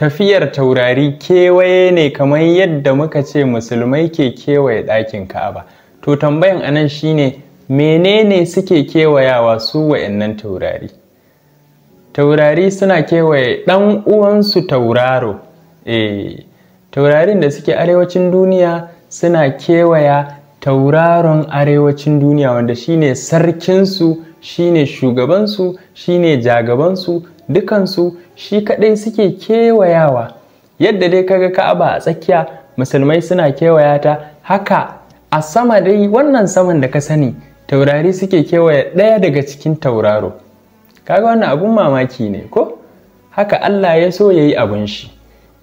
tafiyar taurari kewaye ne kamar yadda muka ce musulmai ke kewaye ɗakin ka'aba to tambayan anan shine menene suke kewayawa su wa'annan taurari taurari suna kewaye ɗan uwansu tauraro e, taurarin da suke arewacin duniya suna kewaya tauraron arewacin duniya wanda shine sarkinsu shine shugabansu shine jagabansu dukansu shi kadai suke kewayawa yadda dai kaga ka'aba a tsakiya musulmai suna kewaya ta haka a sama dai wannan saman da ka sani taurari suke kewaye ɗaya daga cikin tauraro kaga wannan abun mamaki ne ko haka allah ya so ya yi abun shi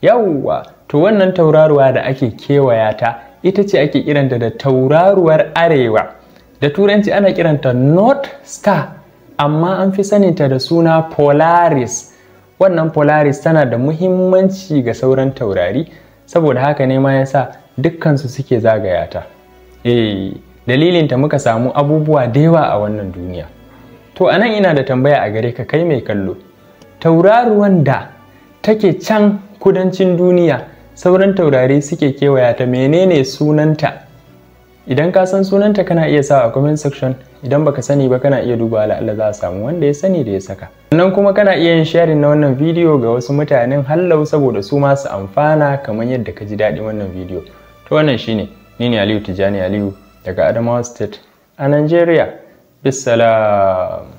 yawwa to wannan tauraruwa da ake kewaya ta ita ce ake kiranta da tauraruwar arewa da turanci ana kiranta north star amma an fi saninta da suna polaris wannan polaris tana da muhimmanci ga sauran taurari saboda haka ne ma yasa dukkansu suke zagaya ta eh dalilinta muka samu abubuwa da yawa a wannan duniya to anan ina da tambaya a gare ka kai mai kallo tauraruwan da take can kudancin duniya sauran taurari suke kewaya ta menene sunanta Idan ka san sunanta kana iya sa a comment section, idan baka sani ba kana iya duba Allah za a samu wanda ya sani da ya saka. Sannan kuma kana iya yin sharing na wannan video ga wasu mutanen hallau saboda su ma su amfana kamar yadda ka ji daɗin wannan video To wannan shine, ni ne Aliyu Tijjani Aliyu daga Adamawa State a Nigeria. Bisalam.